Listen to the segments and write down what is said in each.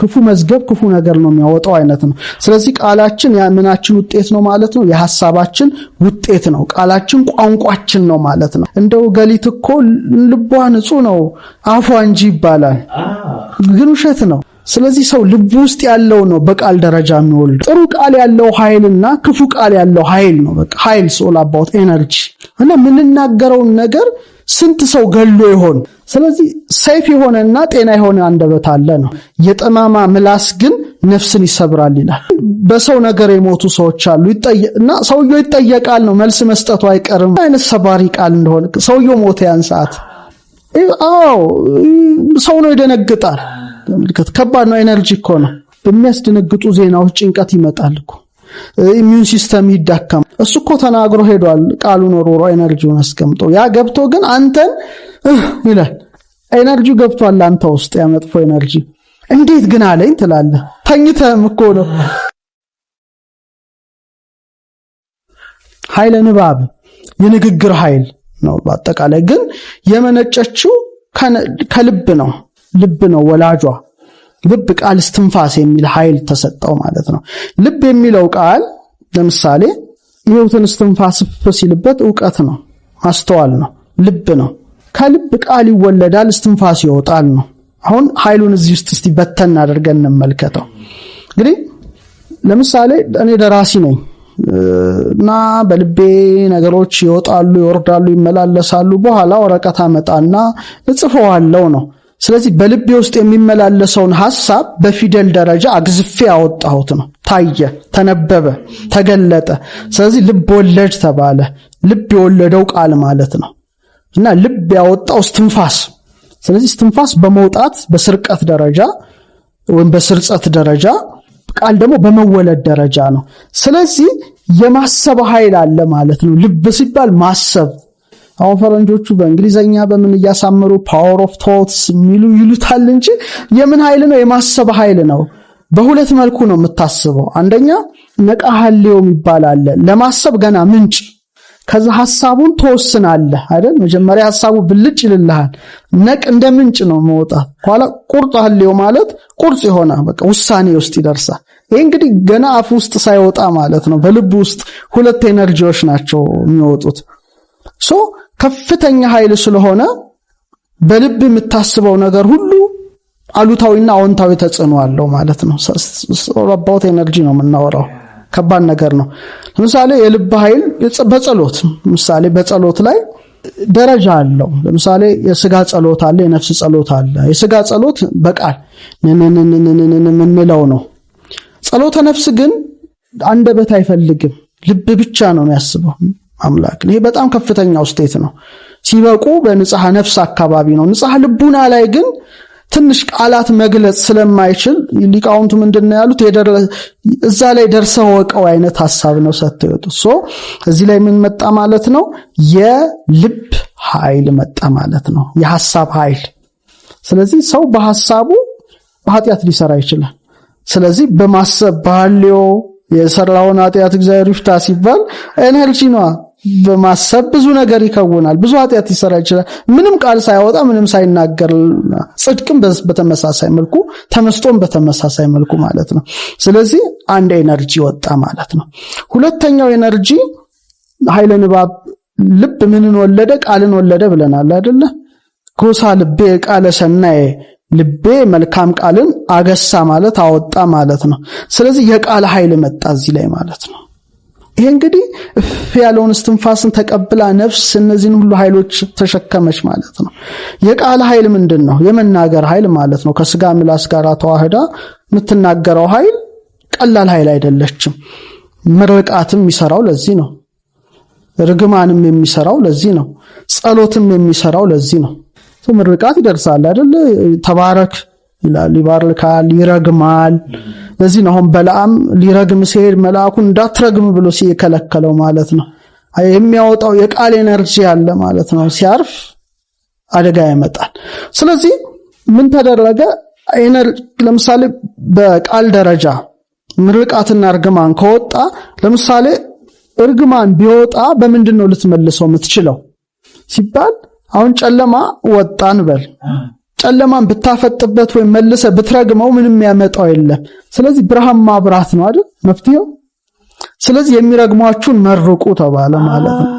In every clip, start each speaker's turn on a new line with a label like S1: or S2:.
S1: ክፉ መዝገብ ክፉ ነገር ነው የሚያወጣው አይነት ነው። ስለዚህ ቃላችን የምናችን ውጤት ነው ማለት ነው። የሐሳባችን ውጤት ነው። ቃላችን ቋንቋችን ነው ማለት ነው። እንደው ገሊት እኮ ልቧ ንጹህ ነው አፏ እንጂ ይባላል፣ ግን ውሸት ነው። ስለዚህ ሰው ልብ ውስጥ ያለው ነው በቃል ደረጃ የሚወልድ ጥሩ ቃል ያለው ኃይልና ክፉ ቃል ያለው ኃይል ነው። በቃ ኃይል ሶል አባውት ኤነርጂ እና የምንናገረውን ነገር ስንት ሰው ገሎ ይሆን? ስለዚህ ሰይፍ የሆነና ጤና የሆነ አንደበት አለ ነው። የጠማማ ምላስ ግን ነፍስን ይሰብራል ይላል። በሰው ነገር የሞቱ ሰዎች አሉ እና ሰውየው ይጠየቃል ነው መልስ መስጠቱ አይቀርም። አይነት ሰባሪ ቃል እንደሆነ ሰውየው ሞተ ያን ሰዓት። አዎ ሰው ነው ይደነግጣል። ከባድ ነው። ኤነርጂ እኮ ነው። በሚያስደነግጡ ዜናዎች ጭንቀት ይመጣል እኮ ኢሚዩን ሲስተም ይዳከም። እሱ እኮ ተናግሮ ሄዷል። ቃሉን ወርውሮ ኤነርጂውን አስቀምጦ ያ ገብቶ ግን አንተን ይላል። ኤነርጂ ገብቷል አንተ ውስጥ ያመጥፎ ኤነርጂ። እንዴት ግን አለኝ ትላለህ። ተኝተህም እኮ ነው። ኃይለ ንባብ የንግግር ኃይል ነው። በአጠቃላይ ግን የመነጨችው ከልብ ነው። ልብ ነው ወላጇ ልብ ቃል እስትንፋስ የሚል ኃይል ተሰጠው ማለት ነው። ልብ የሚለው ቃል ለምሳሌ ህይወትን እስትንፋስ ሲልበት እውቀት ነው፣ አስተዋል ነው፣ ልብ ነው። ከልብ ቃል ይወለዳል፣ እስትንፋስ ይወጣል ነው። አሁን ኃይሉን እዚህ ውስጥ እስቲ በተን አድርገን እንመልከተው። እንግዲህ ለምሳሌ እኔ ደራሲ ነኝ እና በልቤ ነገሮች ይወጣሉ፣ ይወርዳሉ፣ ይመላለሳሉ። በኋላ ወረቀት አመጣና እጽፈዋለው ነው ስለዚህ በልቤ ውስጥ የሚመላለሰውን ሐሳብ በፊደል ደረጃ አግዝፌ ያወጣሁት ነው። ታየ፣ ተነበበ፣ ተገለጠ። ስለዚህ ልብ ወለድ ተባለ። ልብ የወለደው ቃል ማለት ነው እና ልብ ያወጣው እስትንፋስ። ስለዚህ እስትንፋስ በመውጣት በስርቀት ደረጃ ወይም በስርጸት ደረጃ፣ ቃል ደግሞ በመወለድ ደረጃ ነው። ስለዚህ የማሰብ ኃይል አለ ማለት ነው። ልብ ሲባል ማሰብ አሁን ፈረንጆቹ በእንግሊዘኛ በምን እያሳመሩ ፓወር ኦፍ ቶትስ የሚሉ ይሉታል እንጂ የምን ኃይል ነው? የማሰብ ኃይል ነው። በሁለት መልኩ ነው የምታስበው። አንደኛ ነቃ ሐሌው የሚባል አለ። ለማሰብ ገና ምንጭ ከዛ ሐሳቡን ትወስናለህ አይደል? መጀመሪያ ሐሳቡ ብልጭ ይልልሃል። ነቅ እንደ ምንጭ ነው መውጣት። ኋላ ቁርጥ ሐሌው ማለት ቁርጽ የሆነ በቃ ውሳኔ ውስጥ ይደርሳል። ይህ እንግዲህ ገና አፍ ውስጥ ሳይወጣ ማለት ነው። በልብ ውስጥ ሁለት ኤነርጂዎች ናቸው የሚወጡት ሶ ከፍተኛ ኃይል ስለሆነ በልብ የምታስበው ነገር ሁሉ አሉታዊና አዎንታዊ ተጽዕኖ አለው ማለት ነው። አባውት ኤነርጂ ነው የምናወራው። ከባድ ነገር ነው። ለምሳሌ የልብ ኃይል በጸሎት ምሳሌ በጸሎት ላይ ደረጃ አለው። ለምሳሌ የስጋ ጸሎት አለ፣ የነፍስ ጸሎት አለ። የስጋ ጸሎት በቃል የምንለው ነው። ጸሎተ ነፍስ ግን አንደበት አይፈልግም፣ ልብ ብቻ ነው የሚያስበው። አምላክ። ይሄ በጣም ከፍተኛው ስቴት ነው። ሲበቁ በንጽሐ ነፍስ አካባቢ ነው። ንጽሐ ልቡና ላይ ግን ትንሽ ቃላት መግለጽ ስለማይችል ሊቃውንቱ ምንድን ነው ያሉት? እዛ ላይ ደርሰው ወቀው አይነት ሀሳብ ነው ሰጥተው የወጡት። ሶ እዚህ ላይ ምን መጣ ማለት ነው? የልብ ኃይል መጣ ማለት ነው፣ የሀሳብ ኃይል። ስለዚህ ሰው በሀሳቡ በኃጢአት ሊሰራ ይችላል። ስለዚህ በማሰብ ባህሌዮ የሰራውን ኃጢአት እግዚአብሔር ይፍታ ሲባል ኤነርጂ ነዋ። በማሰብ ብዙ ነገር ይከውናል። ብዙ ኃጢአት ሊሰራ ይችላል። ምንም ቃል ሳያወጣ ምንም ሳይናገር፣ ጽድቅም በተመሳሳይ መልኩ፣ ተመስጦም በተመሳሳይ መልኩ ማለት ነው። ስለዚህ አንድ ኤነርጂ ወጣ ማለት ነው። ሁለተኛው ኤነርጂ ኃይለ ንባብ ልብ ምንን ወለደ? ቃልን ወለደ ብለናል አይደለ? ጎሳ ልቤ ቃለ ሰናዬ ልቤ መልካም ቃልን አገሳ ማለት አወጣ ማለት ነው። ስለዚህ የቃል ኃይል መጣ እዚህ ላይ ማለት ነው። ይሄ እንግዲህ እፍ ያለውን እስትንፋስን ተቀብላ ነፍስ እነዚህን ሁሉ ኃይሎች ተሸከመች ማለት ነው። የቃል ኃይል ምንድን ነው? የመናገር ኃይል ማለት ነው። ከስጋ ምላስ ጋር ተዋህዳ የምትናገረው ኃይል ቀላል ኃይል አይደለችም። ምርቃትም የሚሰራው ለዚህ ነው። ርግማንም የሚሰራው ለዚህ ነው። ጸሎትም የሚሰራው ለዚህ ነው። ምርቃት ይደርሳል አይደል? ተባረክ ይላል ይባርካል፣ ይረግማል። ለዚህ ነው አሁን በለዓም ሊረግም ሲሄድ መልአኩ እንዳትረግም ብሎ ሲከለከለው ማለት ነው። የሚያወጣው የቃል ኤነርጂ ያለ ማለት ነው። ሲያርፍ አደጋ ያመጣል። ስለዚህ ምን ተደረገ? ለምሳሌ በቃል ደረጃ ምርቃትና እርግማን ከወጣ ለምሳሌ እርግማን ቢወጣ በምንድን ነው ልትመልሰው የምትችለው ሲባል አሁን ጨለማ ወጣን በል ጨለማን ብታፈጥበት ወይም መልሰ ብትረግመው ምንም ያመጣው የለም። ስለዚህ ብርሃን ማብራት ነው አይደል መፍትሄው። ስለዚህ የሚረግሟችሁን መርቁ ተባለ ማለት ነው።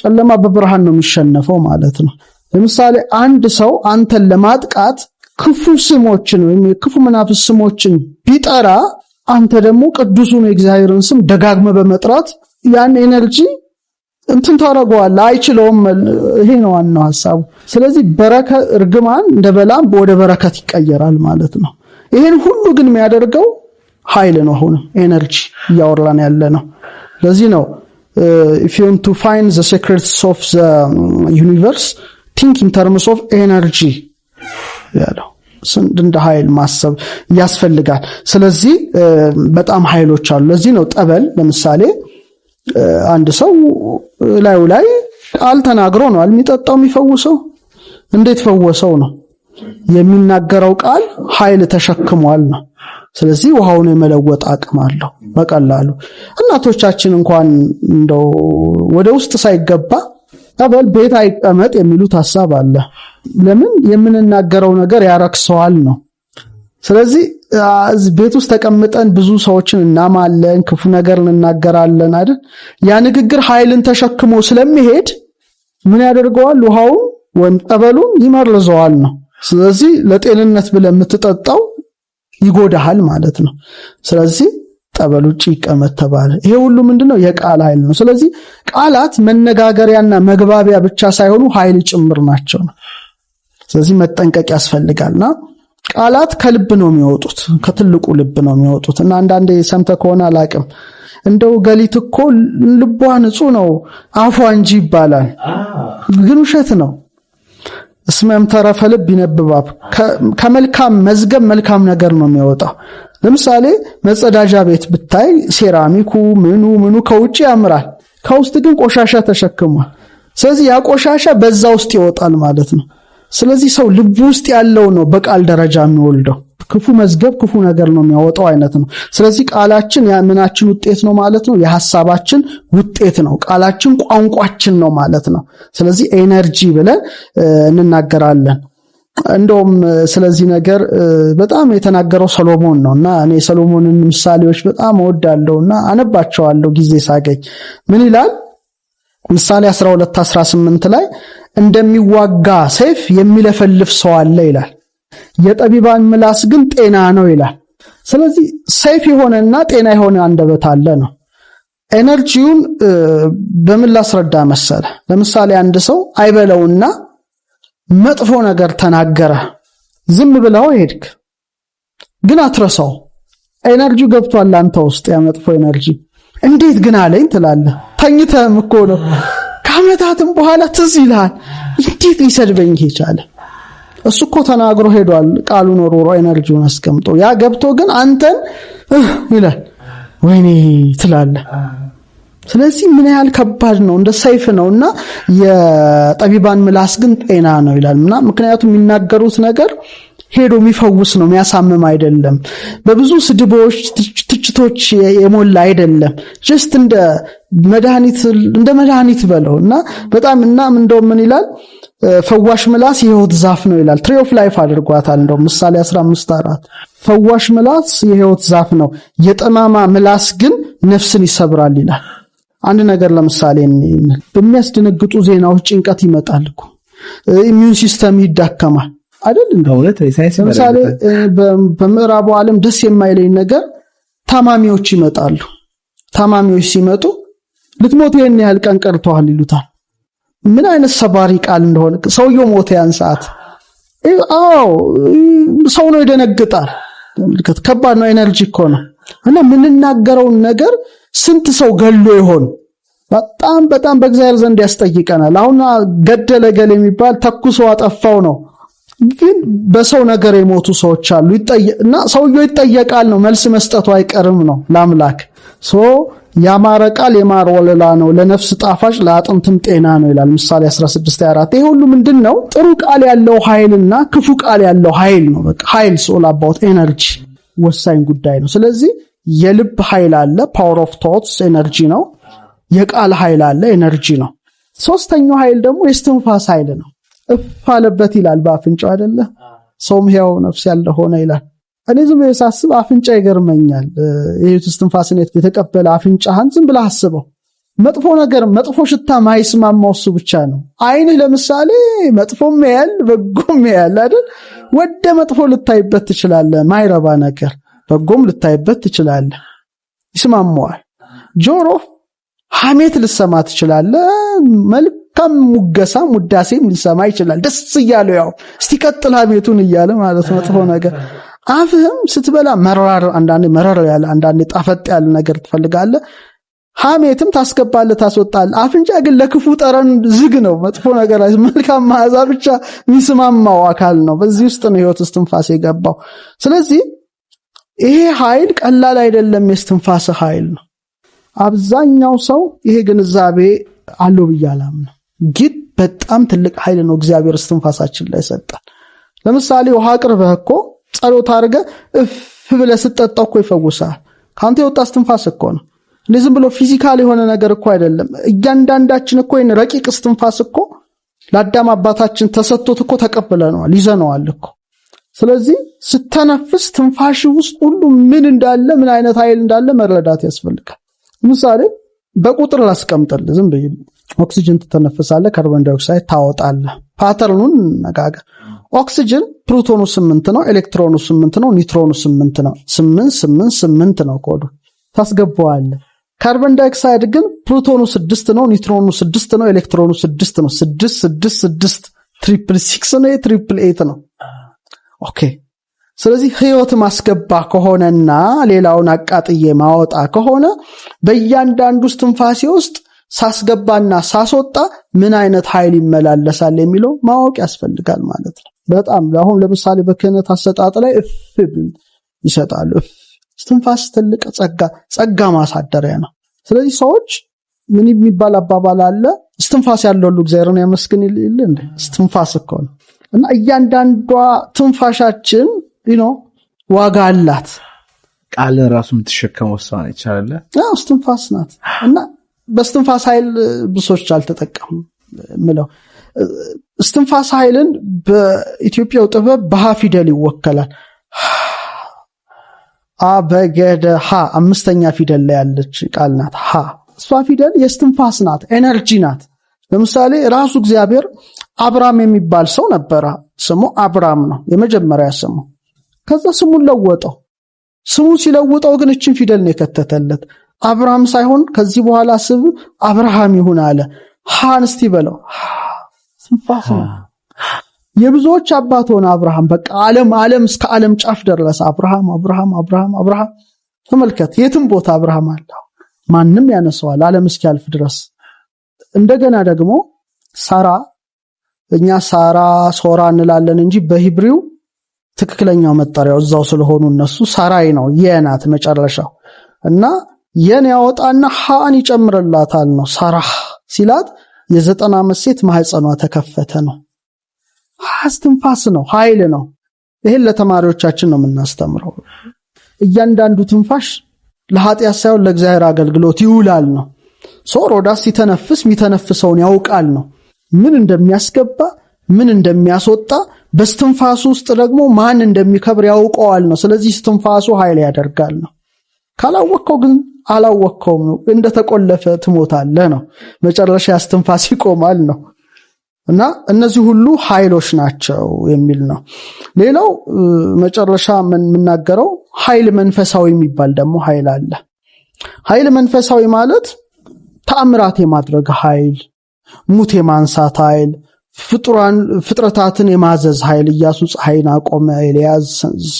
S1: ጨለማ በብርሃን ነው የሚሸነፈው ማለት ነው። ለምሳሌ አንድ ሰው አንተን ለማጥቃት ክፉ ስሞችን ወይም የክፉ መናፍስ ስሞችን ቢጠራ አንተ ደግሞ ቅዱሱን የእግዚአብሔርን ስም ደጋግመ በመጥራት ያን ኤነርጂ እንትን ታደርገዋለህ አይችለውም። ይሄ ነው ዋናው ሀሳቡ። ስለዚህ በረከት እርግማን እንደ በላም ወደ በረከት ይቀየራል ማለት ነው። ይሄን ሁሉ ግን የሚያደርገው ኃይል ነው። አሁንም ኤነርጂ እያወራን ያለ ነው። ለዚህ ነው uh, if you want to find the secrets of the um, universe think in terms of energy ያለው እንደ ኃይል ማሰብ ያስፈልጋል። ስለዚህ uh, በጣም ኃይሎች አሉ። ለዚህ ነው ጠበል ለምሳሌ አንድ ሰው ላዩ ላይ ቃል ተናግሮ ነው የሚጠጣው የሚፈውሰው። እንዴት ፈወሰው ነው የሚናገረው ቃል ኃይል ተሸክሟል ነው። ስለዚህ ውሃውን የመለወጥ አቅም አለው በቀላሉ። እናቶቻችን እንኳን እንደው ወደ ውስጥ ሳይገባ ጠበል ቤት አይቀመጥ የሚሉት ሐሳብ አለ። ለምን የምንናገረው ነገር ያረክሰዋል ነው ስለዚህ ቤት ውስጥ ተቀምጠን ብዙ ሰዎችን እናማለን፣ ክፉ ነገር እንናገራለን አይደል? ያ ንግግር ኃይልን ተሸክሞ ስለሚሄድ ምን ያደርገዋል? ውሃውን ወይም ጠበሉን ይመርዘዋል ነው። ስለዚህ ለጤንነት ብለህ የምትጠጣው ይጎዳሃል ማለት ነው። ስለዚህ ጠበል ውጭ ይቀመጥ ተባለ። ይሄ ሁሉ ምንድነው? የቃል ኃይል ነው። ስለዚህ ቃላት መነጋገሪያና መግባቢያ ብቻ ሳይሆኑ ኃይል ጭምር ናቸው ነው። ስለዚህ መጠንቀቅ ያስፈልጋልና ቃላት ከልብ ነው የሚወጡት፣ ከትልቁ ልብ ነው የሚወጡት እና አንዳንዴ ሰምተ ከሆነ አላቅም እንደው ገሊት እኮ ልቧ ንጹህ ነው አፏ እንጂ ይባላል፣ ግን ውሸት ነው። እስመም ተረፈ ልብ ይነብባብ። ከመልካም መዝገብ መልካም ነገር ነው የሚወጣው። ለምሳሌ መጸዳጃ ቤት ብታይ ሴራሚኩ ምኑ ምኑ ከውጭ ያምራል፣ ከውስጥ ግን ቆሻሻ ተሸክሟል። ስለዚህ ያ ቆሻሻ በዛ ውስጥ ይወጣል ማለት ነው። ስለዚህ ሰው ልብ ውስጥ ያለው ነው በቃል ደረጃ የሚወልደው። ክፉ መዝገብ ክፉ ነገር ነው የሚያወጣው አይነት ነው። ስለዚህ ቃላችን የምናችን ውጤት ነው ማለት ነው። የሀሳባችን ውጤት ነው። ቃላችን ቋንቋችን ነው ማለት ነው። ስለዚህ ኤነርጂ ብለን እንናገራለን። እንደውም ስለዚህ ነገር በጣም የተናገረው ሰሎሞን ነው እና እኔ የሰሎሞንን ምሳሌዎች በጣም እወዳለሁ እና አነባቸዋለሁ ጊዜ ሳገኝ። ምን ይላል ምሳሌ 12 18 ላይ እንደሚዋጋ ሰይፍ የሚለፈልፍ ሰው አለ ይላል። የጠቢባን ምላስ ግን ጤና ነው ይላል። ስለዚህ ሰይፍ የሆነና ጤና የሆነ አንደበት አለ ነው። ኤነርጂውን በምን ላስረዳ መሰለ? ለምሳሌ አንድ ሰው አይበለውና መጥፎ ነገር ተናገረ። ዝም ብለው ሄድክ፣ ግን አትረሳው። ኤነርጂው ገብቷል አንተ ውስጥ ያ መጥፎ ኤነርጂ። እንዴት ግን አለኝ ትላለህ። ተኝተህም እኮ ነው። ከአመታትም በኋላ ትዝ ይልሃል፣ እንዴት ሊሰድበኝ ቻለ? እሱ እኮ ተናግሮ ሄዷል፣ ቃሉን ኖሮሮ ኤነርጂውን አስቀምጦ። ያ ገብቶ ግን አንተን ይላል፣ ወይኔ ትላለ። ስለዚህ ምን ያህል ከባድ ነው፣ እንደ ሰይፍ ነው። እና የጠቢባን ምላስ ግን ጤና ነው ይላል እና ምክንያቱም የሚናገሩት ነገር ሄዶ የሚፈውስ ነው፣ የሚያሳምም አይደለም። በብዙ ስድቦች፣ ትችቶች የሞላ አይደለም። ጀስት እንደ መድኃኒት እንደ መድኃኒት በለው እና በጣም እናም እንደውም ምን ይላል ፈዋሽ ምላስ የህይወት ዛፍ ነው ይላል። ትሪ ኦፍ ላይፍ አድርጓታል። እንደውም ምሳሌ 15 አራት ፈዋሽ ምላስ የህይወት ዛፍ ነው፣ የጠማማ ምላስ ግን ነፍስን ይሰብራል ይላል። አንድ ነገር ለምሳሌ በሚያስደነግጡ ዜናዎች ጭንቀት ይመጣል እኮ ኢሚዩን ሲስተም ይዳከማል አይደል? ለምሳሌ በምዕራቡ ዓለም ደስ የማይለኝ ነገር ታማሚዎች ይመጣሉ። ታማሚዎች ሲመጡ ልትሞት ይህን ያህል ቀን ቀርተዋል ይሉታል። ምን አይነት ሰባሪ ቃል እንደሆነ ሰውየው ሞተ ያን ሰዓት። አዎ ሰው ነው ይደነግጣል። ተመልከት፣ ከባድ ነው። ኤነርጂ እኮ ነው እና የምንናገረውን ነገር ስንት ሰው ገሎ ይሆን? በጣም በጣም በእግዚአብሔር ዘንድ ያስጠይቀናል። አሁን ገደለ ገል የሚባል ተኩሶ አጠፋው ነው። ግን በሰው ነገር የሞቱ ሰዎች አሉ እና ሰውየው ይጠየቃል ነው መልስ መስጠቱ አይቀርም ነው ለአምላክ ያማረ ቃል የማር ወለላ ነው፣ ለነፍስ ጣፋጭ ለአጥንትም ጤና ነው ይላል ምሳሌ 16:24 ይሄ ሁሉ ምንድን ነው? ጥሩ ቃል ያለው ኃይልና ክፉ ቃል ያለው ኃይል ነው። በቃ ኃይል ሶል አባውት ኤነርጂ ወሳኝ ጉዳይ ነው። ስለዚህ የልብ ኃይል አለ፣ ፓወር ኦፍ ቶትስ ኤነርጂ ነው። የቃል ኃይል አለ፣ ኤነርጂ ነው። ሶስተኛው ኃይል ደግሞ የስትንፋስ ኃይል ነው። እፍ አለበት ይላል በአፍንጫው አይደለ? ሰውም ሕያው ነፍስ ያለ ሆነ ይላል። እኔ ዝም ሳስብ አፍንጫ ይገርመኛል። የህይወት እስትንፋስን የተቀበለ አፍንጫህን ዝም ብለህ አስበው። መጥፎ ነገር መጥፎ ሽታ ማይስማማው እሱ ብቻ ነው። አይንህ ለምሳሌ መጥፎም ያያል በጎም ያያል አይደል? ወደ መጥፎ ልታይበት ትችላለህ፣ ማይረባ ነገር በጎም ልታይበት ትችላለህ፣ ይስማማዋል። ጆሮ ሐሜት ልሰማ ትችላለህ መልክ መልካም ሙገሳ ሙዳሴም ሊሰማ ይችላል። ደስ እያለው ያው እስቲቀጥል ቀጥል እያለ ማለት መጥፎ ነገር አፍህም ስትበላ መራር አንዳንዴ መረር ያለ አንዳንዴ ጣፈጥ ያለ ነገር ትፈልጋለህ። ሀሜትም ታስገባለህ ታስወጣለህ። አፍንጫ ግን ለክፉ ጠረን ዝግ ነው፣ መጥፎ ነገር መልካም መዓዛ ብቻ የሚስማማው አካል ነው። በዚህ ውስጥ ነው ህይወት እስትንፋስ የገባው። ስለዚህ ይሄ ኃይል ቀላል አይደለም፣ የእስትንፋስ ኃይል ነው። አብዛኛው ሰው ይሄ ግንዛቤ አለው ብዬ አላምነው። ግን በጣም ትልቅ ኃይል ነው እግዚአብሔር እስትንፋሳችን ላይ ሰጣል። ለምሳሌ ውሃ ቅርበህ እኮ ጸሎት አድርገ እፍ ብለህ ስትጠጣው እኮ ይፈውሳል። ከአንተ የወጣ እስትንፋስ እኮ ነው። እንዲህ ዝም ብሎ ፊዚካል የሆነ ነገር እኮ አይደለም። እያንዳንዳችን እኮ ይህን ረቂቅ እስትንፋስ እኮ ለአዳም አባታችን ተሰጥቶት እኮ ተቀብለነዋል፣ ይዘነዋል እኮ። ስለዚህ ስተነፍስ ትንፋሽ ውስጥ ሁሉ ምን እንዳለ ምን አይነት ኃይል እንዳለ መረዳት ያስፈልጋል። ምሳሌ በቁጥር ላስቀምጠል ዝም ብዬ ኦክሲጅን ትተነፍሳለ ካርቦን ዳይኦክሳይድ ታወጣለ ፓተርኑን እነጋገር። ኦክሲጅን ፕሮቶኑ ስምንት ነው፣ ኤሌክትሮኑ ስምንት ነው፣ ኒትሮኑ ስምንት ነው። ስምንት ስምንት ስምንት ነው ኮዱ ታስገባዋለ ካርቦን ዳይኦክሳይድ ግን ፕሮቶኑ ስድስት ነው፣ ኒትሮኑ ስድስት ነው፣ ኤሌክትሮኑ ስድስት ነው። ስድስት ስድስት ስድስት ትሪፕል ሲክስ ነው፣ የትሪፕል ኤት ነው። ኦኬ ስለዚህ ህይወት ማስገባ ከሆነና ሌላውን አቃጥዬ ማወጣ ከሆነ በእያንዳንዱ ስትንፋሴ ውስጥ ሳስገባና ሳስወጣ ምን አይነት ኃይል ይመላለሳል የሚለው ማወቅ ያስፈልጋል ማለት ነው። በጣም አሁን ለምሳሌ በክህነት አሰጣጥ ላይ እፍ ይሰጣሉ። እስትንፋስ ትልቅ ጸጋ ጸጋ ማሳደሪያ ነው። ስለዚህ ሰዎች ምን የሚባል አባባል አለ፣ እስትንፋስ ያለው ሁሉ እግዚአብሔርን ያመስግን ይል እንደ እስትንፋስ እኮ ነው። እና እያንዳንዷ ትንፋሻችን ነው ዋጋ አላት።
S2: ቃልን ራሱ የምትሸከመው እሷ ነች አይደል?
S1: እስትንፋስ ናት እና በስትንፋስ ኃይል ብሶች አልተጠቀሙ ምለው ስትንፋስ ኃይልን በኢትዮጵያው ጥበብ በሃ ፊደል ይወከላል። አበገደ ሀ አምስተኛ ፊደል ላይ ያለች ቃል ናት። ሀ እሷ ፊደል የስትንፋስ ናት፣ ኤነርጂ ናት። ለምሳሌ ራሱ እግዚአብሔር አብራም የሚባል ሰው ነበረ። ስሙ አብራም ነው የመጀመሪያ ስሙ። ከዛ ስሙን ለወጠው። ስሙን ሲለውጠው ግን እችን ፊደል ነው የከተተለት። አብርሃም ሳይሆን ከዚህ በኋላ ስም አብርሃም ይሁን አለ። ሃን እስቲ በለው ስንፋስ ነው። የብዙዎች አባት ሆነ አብርሃም። በቃ ዓለም ዓለም እስከ ዓለም ጫፍ ደረሰ። አብርሃም አብርሃም አብርሃም አብርሃም። ተመልከት፣ የትም ቦታ አብርሃም አለ። ማንም ያነሰዋል ዓለም እስኪያልፍ ድረስ። እንደገና ደግሞ ሳራ፣ እኛ ሳራ ሶራ እንላለን እንጂ በሂብሪው ትክክለኛው መጠሪያው እዛው ስለሆኑ እነሱ ሳራይ ነው የናት መጨረሻው እና የን ያወጣና ሐአን ይጨምርላታል ነው። ሳራህ ሲላት የዘጠና ዓመት ሴት ማህፀኗ ተከፈተ ነው። አስትንፋስ ነው፣ ኃይል ነው። ይህን ለተማሪዎቻችን ነው የምናስተምረው። እያንዳንዱ ትንፋሽ ለኃጢአት ሳይሆን ለእግዚአብሔር አገልግሎት ይውላል ነው። ሰው ሮዳስ ሲተነፍስ የሚተነፍሰውን ያውቃል ነው። ምን እንደሚያስገባ ምን እንደሚያስወጣ፣ በስትንፋሱ ውስጥ ደግሞ ማን እንደሚከብር ያውቀዋል ነው። ስለዚህ ስትንፋሱ ኃይል ያደርጋል ነው። ካላወቅከው ግን አላወቅከውም ነው እንደተቆለፈ ትሞታለህ ነው። መጨረሻ ያስትንፋስ ይቆማል ነው። እና እነዚህ ሁሉ ኃይሎች ናቸው የሚል ነው። ሌላው መጨረሻ የምናገረው ኃይል መንፈሳዊ የሚባል ደግሞ ኃይል አለ። ኃይል መንፈሳዊ ማለት ተአምራት የማድረግ ኃይል፣ ሙት የማንሳት ኃይል፣ ፍጥረታትን የማዘዝ ኃይል፣ ኢያሱ ፀሐይን አቆመ፣ ኤልያስ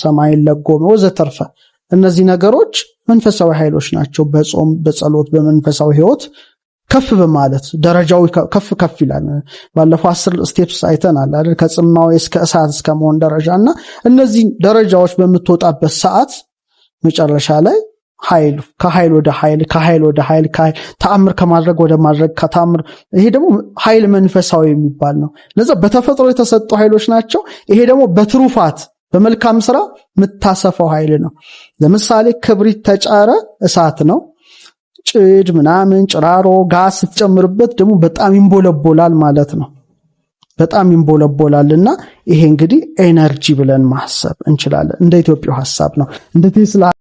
S1: ሰማይን ለጎመ፣ ወዘተርፈ እነዚህ ነገሮች መንፈሳዊ ኃይሎች ናቸው። በጾም በጸሎት በመንፈሳዊ ህይወት ከፍ በማለት ደረጃው ከፍ ከፍ ይላል። ባለፈው አስር ስቴፕስ አይተናል አይደል? ከጽማዊ እስከ እሳት እስከ መሆን ደረጃ እና እነዚህ ደረጃዎች በምትወጣበት ሰዓት መጨረሻ ላይ ኃይል ከኃይል ወደ ኃይል ከኃይል ወደ ኃይል ተአምር ከማድረግ ወደ ማድረግ ከተአምር ይሄ ደግሞ ኃይል መንፈሳዊ የሚባል ነው። ለዛ በተፈጥሮ የተሰጡ ኃይሎች ናቸው። ይሄ ደግሞ በትሩፋት በመልካም ስራ የምታሰፋው ኃይል ነው። ለምሳሌ ክብሪት ተጫረ እሳት ነው። ጭድ ምናምን ጭራሮ ጋዝ ስትጨምርበት ደግሞ በጣም ይንቦለቦላል ማለት ነው። በጣም ይንቦለቦላል እና ይሄ እንግዲህ ኤነርጂ ብለን ማሰብ እንችላለን። እንደ ኢትዮጵያው ሀሳብ ነው እንደ ቴስላ